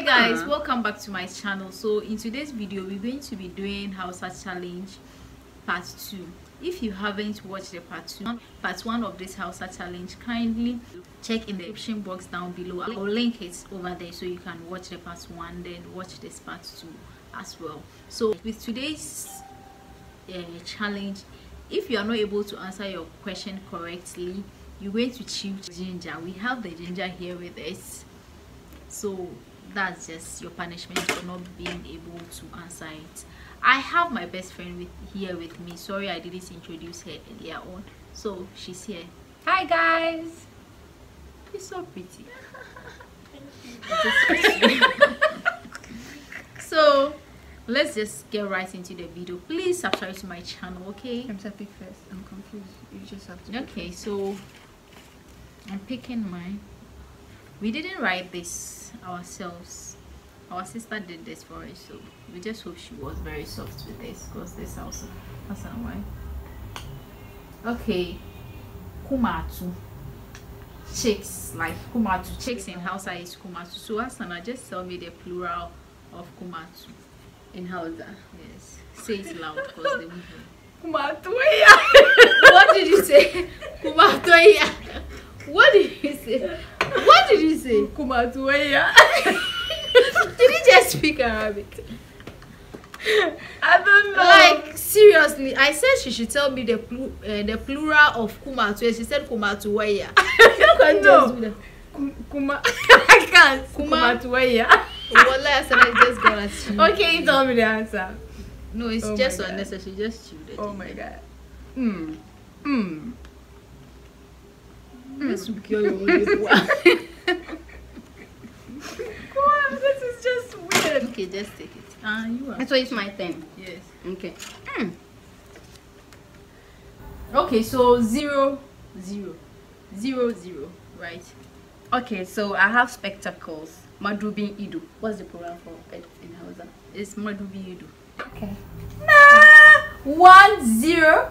hey guys uh-huh. welcome back to my channel so in today's video we're going to be doing Hausa challenge part 2 if you haven't watched the part 2 part 1 of this Hausa challenge kindly check in the description box down below I'll link it over there so you can watch the part 1 then watch this part 2 as well so with today's uh, challenge if you are not able to answer your question correctly you're going to choose ginger we have the ginger here with us so that's just your punishment for not being able to answer it i have my best friend with here with me sorry i didn't introduce her earlier on so she's here hi guys you're so pretty so let's just get right into the video please subscribe to my channel okay i'm happy first i'm confused you just have to okay so i'm picking mine we didn't write this ourselves our sister did this for us so we just hope she was very soft with this because this also that's not why okay kumatu chicks like kumatu chicks in hausa is kumatu so asana just tell me the plural of kumatu in hausa ah. yes say it loud because they will hear what did you say Kumatu! what did you say what did you say? Kumatuweya. did he just speak Arabic? I don't know. Like seriously, I said she should tell me the pl- uh, eh, the plural of kumatuwe. She said kumatuweya. you can no. Kuma. I can't. Kuma. Kumatuweya. Wallah, I said I just got at you. Okay, you told me the answer. No, it's oh just unnecessary. Just chill. Oh my god. Hmm. Hmm. Mm. this is just weird. Okay, just take it. Ah, uh, you are. So it's my turn. Yes. Okay. Mm. Okay, so zero, zero, zero, zero, right? Okay, so I have spectacles. Madubin Idu. What's the program for it in Hausa? It's Madubin Idu. Okay. Nah! One, zero.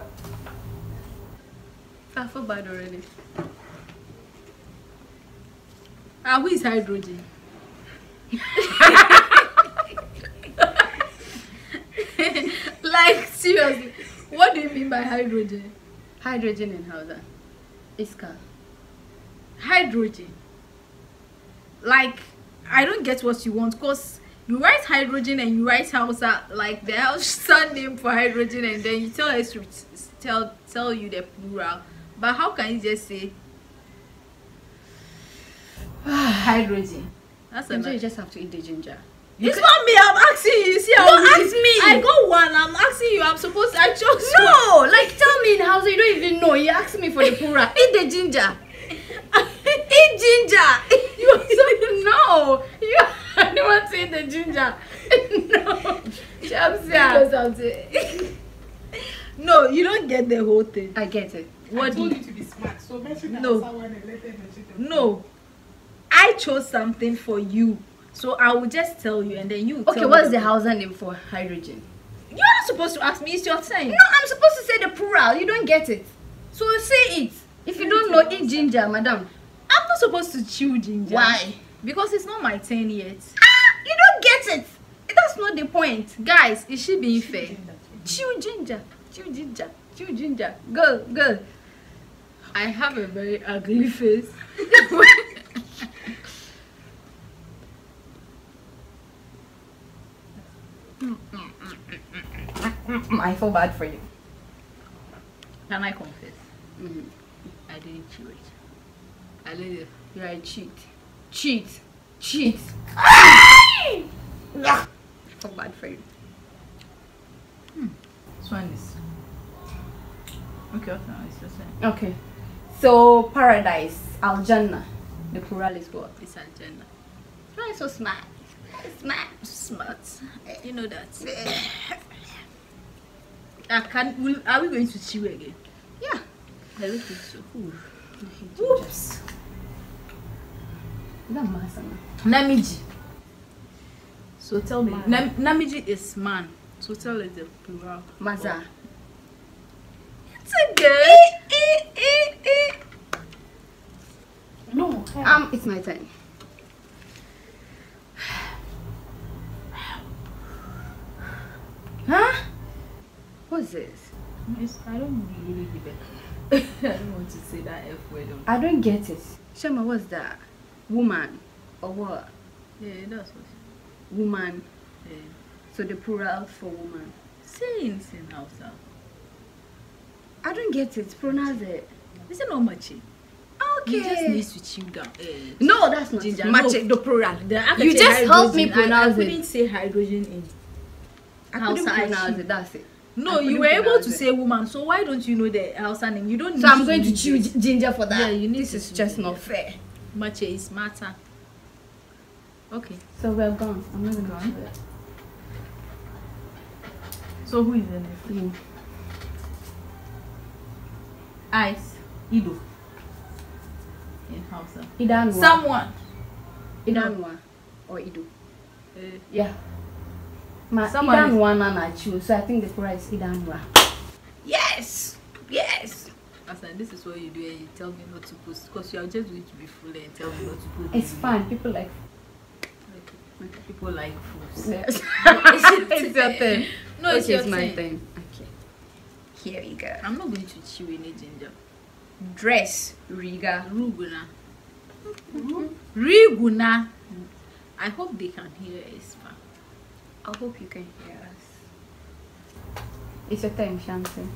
Ah, I feel bad already. Ah, who is hydrogen? like seriously, what do you mean by hydrogen? Hydrogen in Hausa. Iska. Hydrogen. Like, I don't get what you want because you write hydrogen and you write house like the house name for hydrogen and then you tell us to tell tell you the plural. But how can you just say hydrogen. That's Sometimes you just have to eat the ginger. You it's not me. I'm asking you. see, how don't ask me. I got one. I'm asking you. I'm supposed. To, I chose. No, one. like tell me in house. You don't even know. You asked me for the pura. eat the ginger. eat ginger. You so no. You I don't want to eat the ginger. no, Chelsea. no, you don't get the whole thing. I get it. What I told you to be smart. So mention no. no. I chose something for you. So I will just tell you and then you Okay, what's the Hausa name for hydrogen? You're not supposed to ask me, it's your turn. No, I'm supposed to say the plural. You don't get it. So say it. If you don't know, eat ginger, madam. I'm not supposed to chew ginger. Why? Because it's not my turn yet. Ah! You don't get it! That's not the point. Guys, is she being chew fair? Ginger. Chew ginger. Chew ginger. Chew ginger. Go, go. I have a very ugly face. I feel bad for you. Can I confess? Mm -hmm. I didn't cheat. I did You are a cheat. Cheat. Cheat. I feel bad for you. Hmm. This Okay, Okay. So, paradise, Al Jannah. The plural is what? It's Al Jannah. Why so smart? Smart. Smart. You know that. I can will, are we going to chew again? Yeah. I don't so. Oops. Namiji. So tell me. Nam Namiji is man. So tell it the plural. Maza. It's a girl. No. Um, it's my time. I don't really give it. I don't want to say that F word. I don't get it. Shema, what's that? Woman or what? Yeah, that's what. Woman. Yeah. So the plural for woman. Saying in house. I don't get it. Pronounce it. Is it not machi? Okay. You just mess with you down. Eh? no, that's not ginger. Machi, no. the plural. The, you just helped me pronounce I, I it. I couldn't say hydrogen in. I couldn't pronounce it. That's it. No, you were able to say woman, so why don't you know the house name? You don't. So I'm going to chew ginger for that. Yeah, you need. This is just not fair. Much is matter. Okay. So we're gone. I'm not gone. So who is in the team? Ice. Ido. In house. Idanwa. Someone. Idanwa. Or Ido. Uh, yeah. My Idan one and I choose, so I think the price is Idan Ra. Yes! Yes! Asan, this is what you do and you tell me not to post because you are just going to be full and tell me not to post. It's fun, people like people like fools. Yes. it's your thing. No, it's, just your my thing. Okay. Here you go. I'm not going to chew any ginger. Dress Riga Ruguna. Riguna. I hope they can hear us I hope you can hear us. It's your time, Shanti.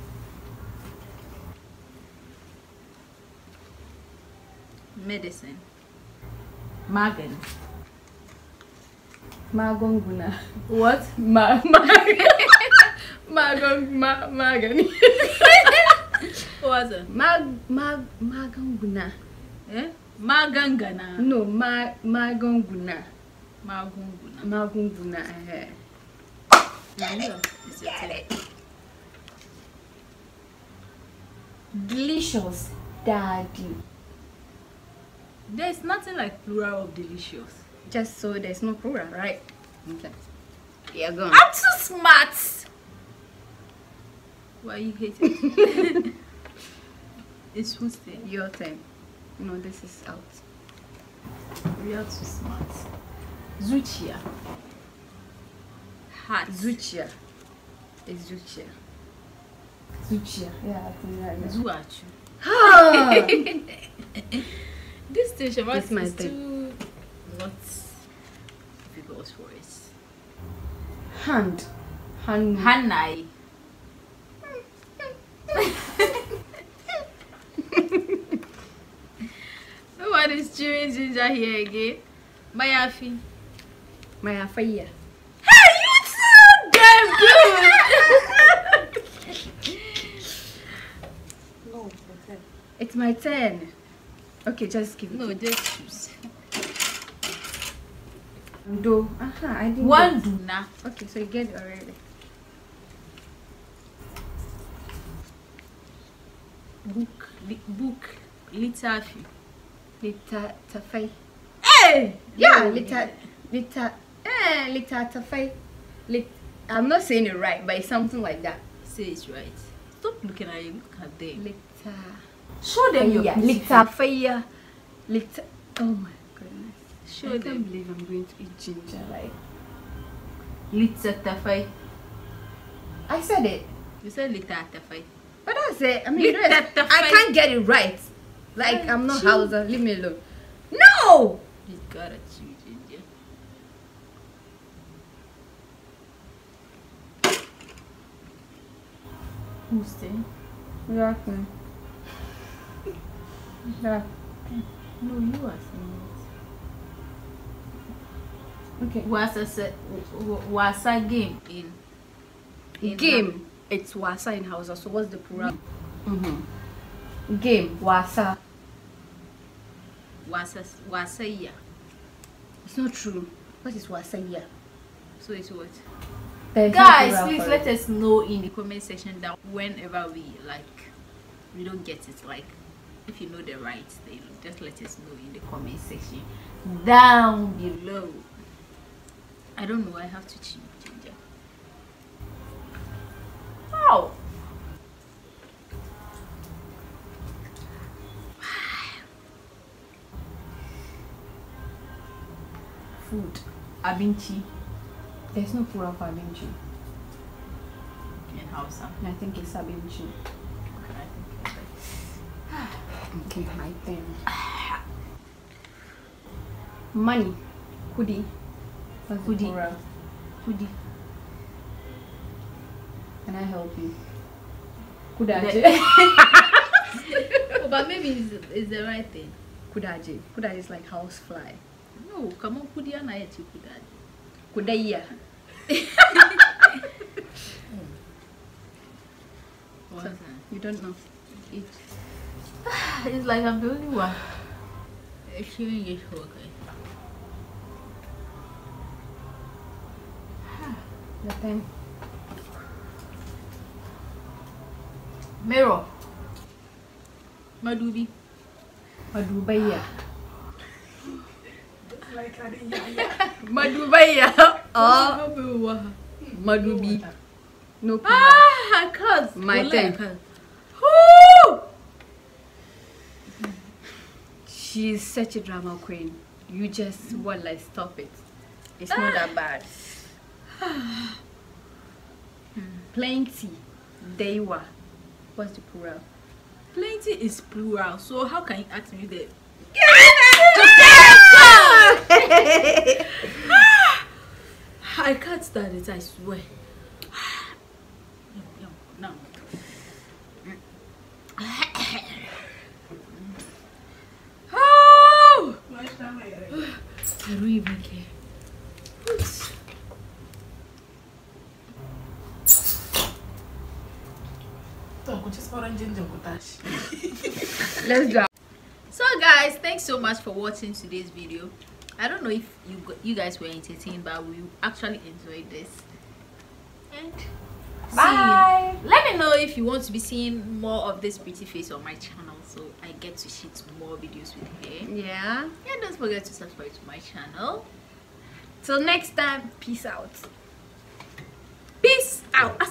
Medicine. Magan. Magonguna. What? Ma Magan. Magong ma Magan. What's it? Mag Mag Magonguna. Eh? Magangana. No, ma Magonguna. Magunguna. Magunguna, eh. Delicious, daddy. There's nothing like plural of delicious. Just so there's no plural, right? Okay. You're gone. I'm too smart. Why you hate it? it's whose turn? Your turn. No, this is out. We are too smart. Zuciya. Heart. Zuciya. It's Zuciya. Zuciya. Yeah, I think that is. Zuachu. this station was my is too lot difficult for us. Hand. Hand. Hanai. What is chewing ginger here again? Afi. Maar van je. Hey, you so damn good! no, it's my turn. Okay, just give it. No, just choose. Do. Aha, uh -huh, I didn't. One do na. Okay, so you get it already. Book, li book, litafi. Litatafai. Hey! Yeah, litat, litat litatafai. Lit I'm not saying it right, but it's something like that. Say it right. Stop looking at you. Look at them. Lita. Show them your Litafaya. Oh, Lita. Uh, oh my goodness. Show I them. I can't believe I'm going to eat ginger. Like. Litatafai. I said it. You said litatafai. But that's it. I mean, rest, I can't get it right. Like, I'm not Hausa. Leave me alone. No! You got it. Musste. Rotten. Rotten. No, you are saying it. Okay. Wasa, wasa game in, in game. Hausa. It's wasa in Hausa. So what's the plural? Mm -hmm. Game wasa. Wasa yeah. It's not true. What is yeah? So it's what? Perfect guys please let us know in the comment section that whenever we like we don't get it like if you know the right thing just let us know in the comment section down below i don't know i have to change ginger wow food abinchi there's no Purapa in G. In Hausa? I think it's a G. Okay, my pen. Money. Kudi. That's Kudi. Pura. Kudi. Can I help you? Kudaje. oh, but maybe it's, it's the right thing. Kudaje. Kudaje is like housefly. No, come on, I na you, kudaje. Kudaiya. so, you don't know. It's, it's like I'm the only one. Achieving this okay. thing. Mirror. Madubi. Madubaiya. like Madubaya. Oh. Madubi. No. Ah, I can't. My turn. She's such a drama queen. You just want like stop it. It's not that bad. Plenty. were. What's the plural? Plenty is plural, so how can you ask me that? Yeah! I can't stand it, I swear. oh! Let's go. So guys, thanks so much for watching today's video. I don't know if you you guys were entertained, but we actually enjoyed this. And bye. Let me know if you want to be seeing more of this pretty face on my channel, so I get to shoot more videos with her. Eh? Yeah. Yeah. don't forget to subscribe to my channel. Till next time, peace out. Peace out.